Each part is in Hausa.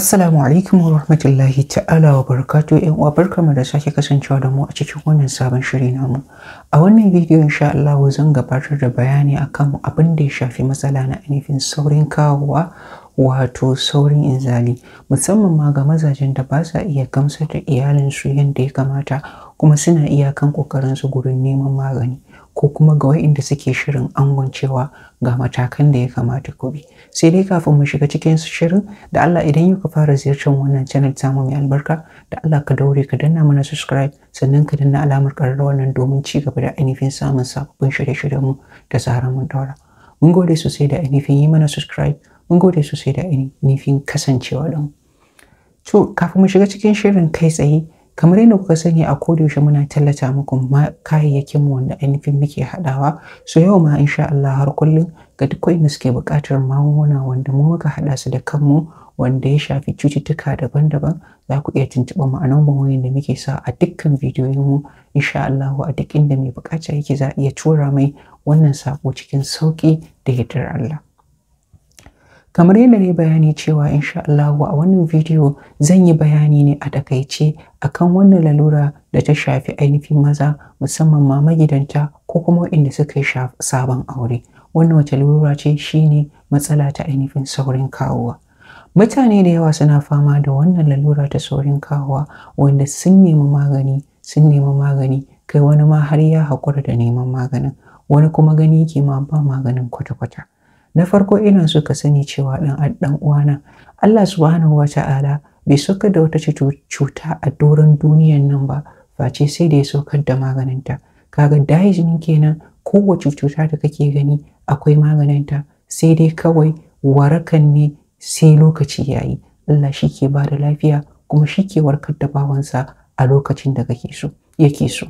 Assalamu alaikum wa rahmatullahi ta'ala wa barakatu ‘yan uwa barkamu da sake kasancewa da mu a cikin wannan sabon shiri namu. A wannan bidiyo insha Allah zan gabatar da bayani akan abin da ya shafi matsala na ainihin saurin kawowa wato saurin inzali musamman ma ga mazajen da ba sa iya gamsar da iyalinsu yadda ya kamata kuma suna iyakan ƙoƙarinsu gurin neman magani. ko kuma ga wa'inda suke shirin angon cewa ga matakan da ya kamata ku sai dai kafin mu shiga cikin shirin da Allah idan yau ka fara ziyartar wannan channel tamu mai albarka da Allah ka daure ka danna mana subscribe sannan ka danna alamar ƙararrawar wannan domin ci gaba da ainihin samun sababbin shirye-shiryen mu da tsara mun daura mun gode sosai da ainihin yi mana subscribe mun gode sosai da ainihin kasancewa don to kafin mu shiga cikin shirin kai tsaye kamar yadda kuka sani a yaushe muna tallata muku kayayyakinmu wanda ainihin muke haɗawa so yau ma insha Allah har kullum ga duk wanda suke buƙatar magunguna wanda mu muka haɗa su da kanmu wanda ya shafi cututtuka daban-daban za ku iya tuntuɓa a ma'anar wani da muke sa a dukkan bidiyoyinmu insha Allah a duk inda mai buƙata yake za a iya tura mai wannan saƙo cikin sauƙi da yardar Allah. kamar yadda ne bayani cewa insha Allah a wannan bidiyo zan yi bayani ne a takaice akan wannan lalura da ta shafi ainihin maza musamman ma magidanta ko kuma inda suka yi sabon aure wannan wace lalura ce shine matsala ta ainihin saurin kawowa mutane da yawa suna fama da wannan lalura ta saurin kawowa wanda sun nemi magani sun nemi magani kai wani ma har ya haƙura da neman maganin wani kuma gani ke ma ba maganin kwata-kwata na farko ina so ka sani cewa ɗan ɗan uwana Allah subhanahu wa ta'ala bai saukar da wata cuta a doron duniyan nan ba face sai da ya saukar da maganinta kaga dajin kenan kowace cuta da kake gani akwai maganinta sai dai kawai warakan ne sai lokaci yayi Allah shi ke ba da lafiya kuma shi ke warkar da bawansa a lokacin da kake so yake so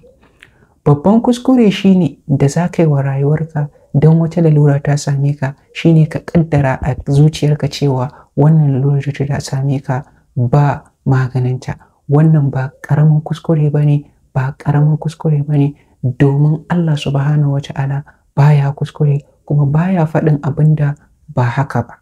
babban kuskure shine da za ka yi wa rayuwarka don wata lalura ta same ka shine ka kaddara a zuciyarka cewa wannan lalura ta same ka ba maganinta wannan ba karamin kuskure ba ne ba karamin kuskure ba ne domin Allah subhanahu wata'ala baya kuskure kuma baya faɗin abin da ba haka ba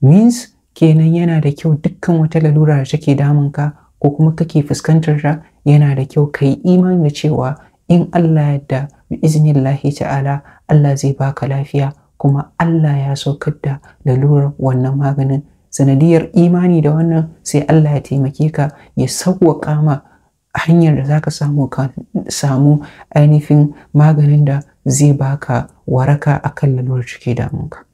means kenan yana da kyau dukkan wata lalura da take damunka ko kuma kake fuskantar ta yana da kyau ka yi imani da cewa in Allah yadda izinin lahi ta'ala Allah zai baka lafiya kuma Allah ya saukar da lalurar wannan maganin sanadiyar imani da wannan sai Allah ya taimake ka ya sauwaƙa ma hanyar da za ka samu ka samu ainihin maganin da zai baka waraka akan lalurar ciki damunka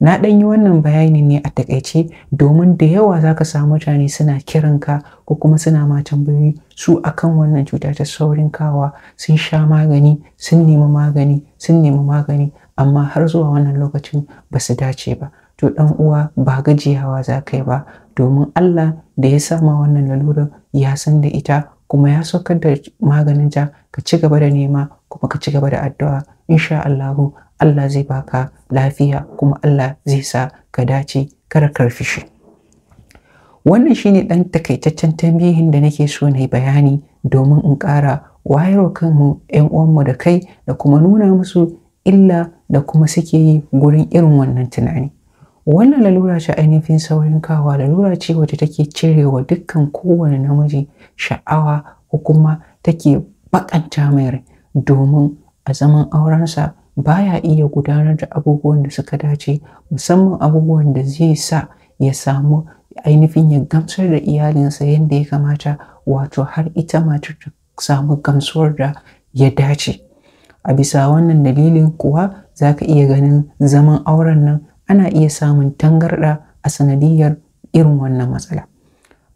Na ɗan yi wannan bayani ne a takaice domin da yawa za ka samu mutane suna kiranka ko kuma suna ma tambayoyi su akan wannan cuta ta saurin kawa sun sha magani sun nemi magani sun nemi magani amma har zuwa wannan lokacin ba su dace ba. To ɗan uwa ba gajiyawa za ka yi ba domin Allah da ya sama wannan lalurar ya san da ita kuma ya saukar da maganinta ka ci gaba da nema kuma ka ci gaba da addu'a insha Allahu Allah zai baka lafiya kuma Allah zai sa ka dace kar karfishi wannan shine ɗan takaitaccen tambihin da nake so na yi bayani domin in ƙara wayarwa kanmu uwan uwanmu da kai da kuma nuna musu illa da kuma suke yi gurin irin wannan tunani wannan lalura ce ainihin saurin kawa lalura ce wacce take cirewa dukkan kowane namiji sha'awa ko kuma take bakanta mai domin a zaman aurensa baya iya gudanar da abubuwan da suka dace musamman abubuwan da zai sa ya samu ainihin ya gamsar da iyalinsa yadda ya kamata wato har ita mata ta samu gamsuwar da ya dace a bisa wannan dalilin kuwa za ka iya ganin zaman auren nan ana iya samun tangarɗa a sanadiyar irin wannan matsala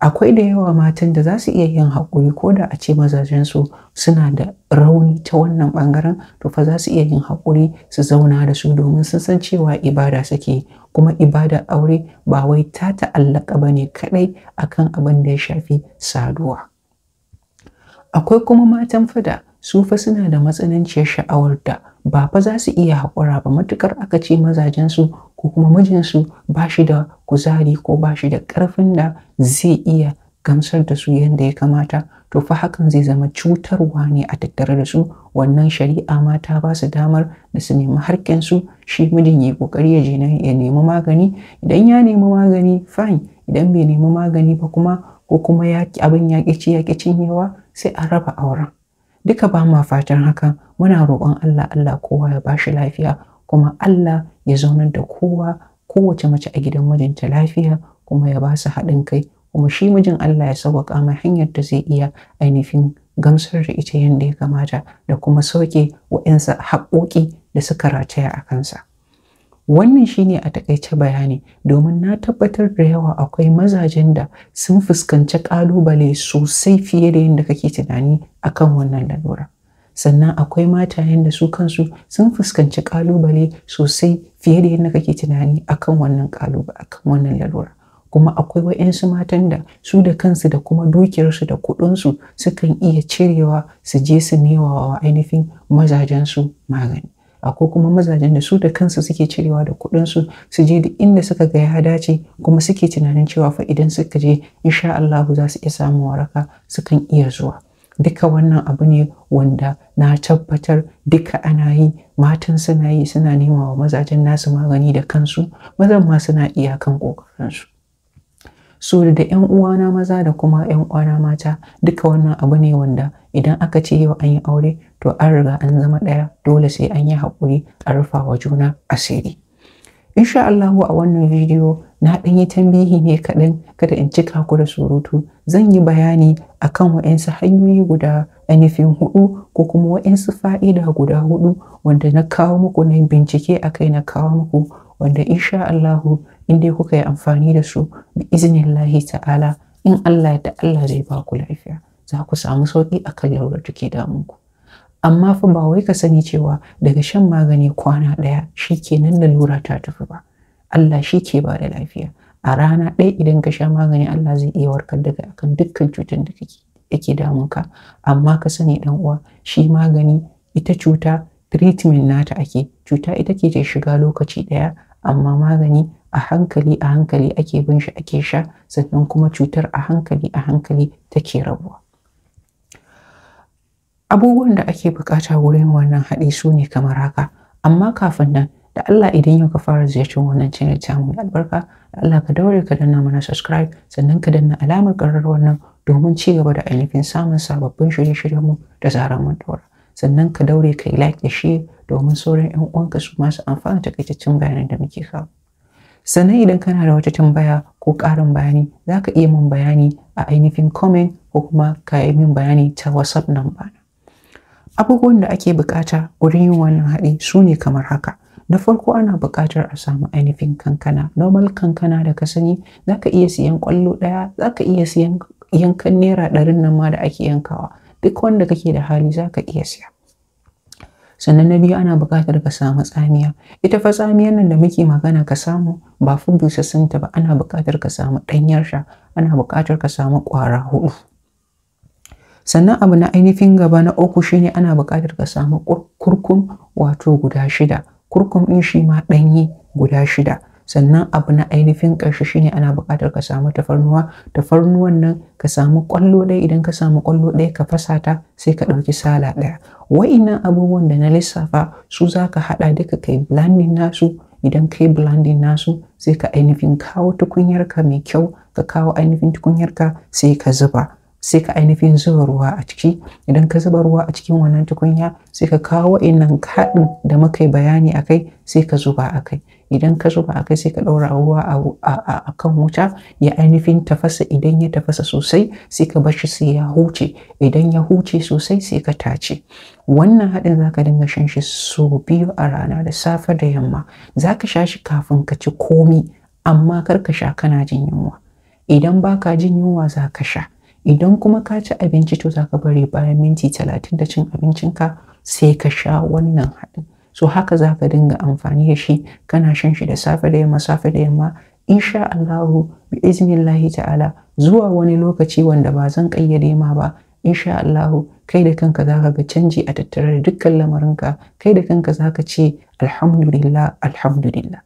akwai da yawa matan da za su iya yin haƙuri ko da a ce mazajensu suna da rauni ta wannan ɓangaren to fa za su iya yin haƙuri su zauna da su domin sun san cewa ibada suke kuma ibada aure ba wai ta ta'allaka ba ne kaɗai kan abin da ya shafi saduwa akwai kuma matan fada su fa suna da matsananciyar sha'awar da ba fa za su iya haƙura ba matukar aka ce mazajensu ko kuma mijinsu ba shi da kuzari ko ba shi da ƙarfin da zai iya gamsar da su yadda ya kamata to fa hakan zai zama cutarwa ne a tattare da su wannan shari'a ma ta ba su damar da su nemi harkensu shi mijin ya yi ƙoƙari ya je ya nemi magani idan ya nemi magani fine idan bai nemi magani ba kuma ko kuma abin ya ƙi ya ƙi cinyewa sai a raba auren duka ba ma fatan haka muna roƙon Allah Allah kowa ya bashi lafiya kuma Allah ya zaunar da kowa kowace mace a gidan mijinta lafiya kuma ya ba su haɗin kai kuma shi mijin Allah ya sauƙaƙa mai hanyar da zai iya ainihin gamsar da ita yadda ya kamata da kuma sauke wa'insa haƙoƙi da suka rataya a kansa. Wannan shi ne a taƙaice bayani domin na tabbatar da yawa akwai mazajen da sun fuskanci ƙalubale sosai fiye da yadda kake tunani akan wannan lalura. sannan akwai matayen da su kansu sun fuskanci kalubale sosai fiye da yadda kake tunani akan wannan kalubale akan wannan lalura kuma akwai wa'yansu matan da su da kansu da kuma dukiyarsu da kuɗinsu sukan iya cirewa su je su newa wa ainihin mazajensu magani akwai kuma mazajen da su da kansu suke cirewa da kuɗinsu su je da inda suka ga ya dace kuma suke tunanin cewa fa idan suka je insha Allah za su iya samun waraka sukan iya zuwa duka wannan abu ne wanda na tabbatar duka ana yi matan suna yi suna nema wa mazajen nasu magani da kansu mazan ma suna iyakan kokarinsu so da yan uwana maza da kuma yan uwana mata duka wannan abu ne wanda idan aka ce yau an yi aure to an riga an zama ɗaya dole sai an yi haƙuri a rufa wa juna asiri insha Allahu a wannan bidiyo na ɗan yi tambihi ne kaɗan kada in cika ku da surutu zan yi bayani akan wa'yansu hanyoyi guda ainihin hudu ko kuma wa'yansu fa'ida guda hudu wanda na kawo muku na bincike a kai na kawo muku wanda insha Allahu in dai kuka yi amfani da su bi iznillahi ta'ala in Allah da Allah zai ba ku lafiya za ku samu sauki a kan yawar da damunku amma fa ba wai ka sani cewa daga shan magani kwana ɗaya shi kenan lura ta tafi ba Allah shi ke ba da lafiya a rana ɗaya idan ka sha magani Allah zai iya warkar da kai akan dukkan cutar da yake ka amma ka sani dan uwa shi magani ita cuta treatment nata ake cuta ita ke shiga lokaci ɗaya amma magani a hankali a hankali ake bin shi ake sha sannan kuma cutar a hankali a hankali take rabuwa abubuwan da ake bukata wurin wannan haɗi su ne kamar haka amma kafin nan da Allah idan yau ka fara ziyartar wannan channel ta mu albarka da Allah ka daure ka danna mana subscribe sannan ka danna alamar karar wannan domin ci gaba da ainihin samun sababbin shirye-shiryen mu da zara mun daura sannan ka daure ka yi like da shi domin sauran yan uwanka su masu amfana takaitaccen bayanan da muke kawo sannan idan kana da wata tambaya ko ƙarin bayani za ka iya min bayani a ainihin comment ko kuma ka yi min bayani ta whatsapp number abubuwan da ake bukata wurin yin wannan haɗi sune kamar haka na farko ana buƙatar a samu ainihin kankana normal kankana da ka sani za ka iya siyan ƙwallo ɗaya za ka iya siyan yankan naira ɗarin nan ma da ake yankawa duk wanda kake da hali za ka iya siya sannan na biyu ana buƙatar ka samu tsamiya ita fa tsamiyar nan da muke magana ka samu ba fi ta ba ana buƙatar ka samu ɗanyar sha ana buƙatar ka samu ƙwara huɗu sannan abu na ainihin gaba na uku shine ana buƙatar ka samu kurkum wato guda shida kurkum ɗin shi ma ɗanye guda shida sannan abu na ainihin ƙarshe shine ana buƙatar ka samu tafarnuwa tafarnuwan nan ka samu kwallo ɗaya idan ka samu kwallo ɗaya ka fasa ta sai ka ɗauki sala ɗaya wa'innan abubuwan da na lissafa su za ka haɗa duka kai blandin nasu idan kai blandin nasu sai ka ainihin kawo tukunyarka mai kyau ka kawo ainihin tukunyarka sai ka zuba sai ka ainihin zuba ruwa a ciki idan ka zuba ruwa a cikin wannan tukunya sai ka kawo wa'innan kaɗin da muka yi bayani a kai sai ka zuba a kai idan ka zuba a kai sai ka ɗaura ruwa a kan wuta ya ainihin tafasa idan ya tafasa sosai sai ka bar shi sai ya huce idan ya huce sosai sai ka tace wannan haɗin za ka dinga shan shi sau biyu a rana da safe da yamma za ka sha shi kafin ka ci komi amma kar ka sha kana jin yunwa idan baka jin yunwa za ka sha idan kuma ka ci abinci to za ka bari bayan minti talatin da cin abincinka sai ka sha wannan haɗin so haka za ka dinga amfani da shi kana shan shi da safe da yamma safe da yamma insha Allahu bi iznillahi ta'ala zuwa wani lokaci wanda ba zan ƙayyade ma ba insha Allahu kai da kanka zaka ga canji a tattare da dukkan lamarinka kai da kanka za ka ce alhamdulillah alhamdulillah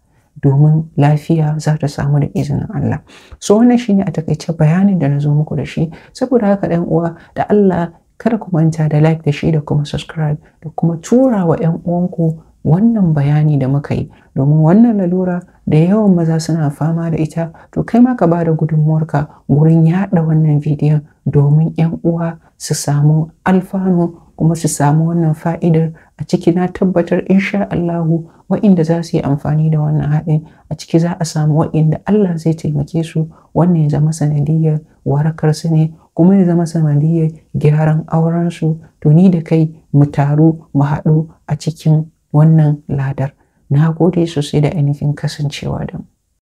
domin lafiya za ta samu da izinin Allah so wannan shine a takaice bayanin da na zo muku da shi saboda haka ɗan uwa da Allah kada ku manta da like da shi da kuma subscribe da kuma tura wa 'yan uwanku wannan bayani da muka yi domin wannan lalura da yawan maza suna fama da ita to kai ma ka ba da gudunmuwarka wurin yaɗa wannan bidiyon domin 'yan uwa su samu alfanu kuma su samu wannan fa'idar a ciki na tabbatar insha Allahu wa'inda za su yi amfani da wannan haɗin a ciki za a samu wa'inda Allah zai taimake su wannan ya zama sanadiyar warakar su ne kuma ya zama sanadiyar gyaran auren su to ni da kai mu taru mu haɗu a cikin wannan ladar na gode sosai da ainihin kasancewa da mu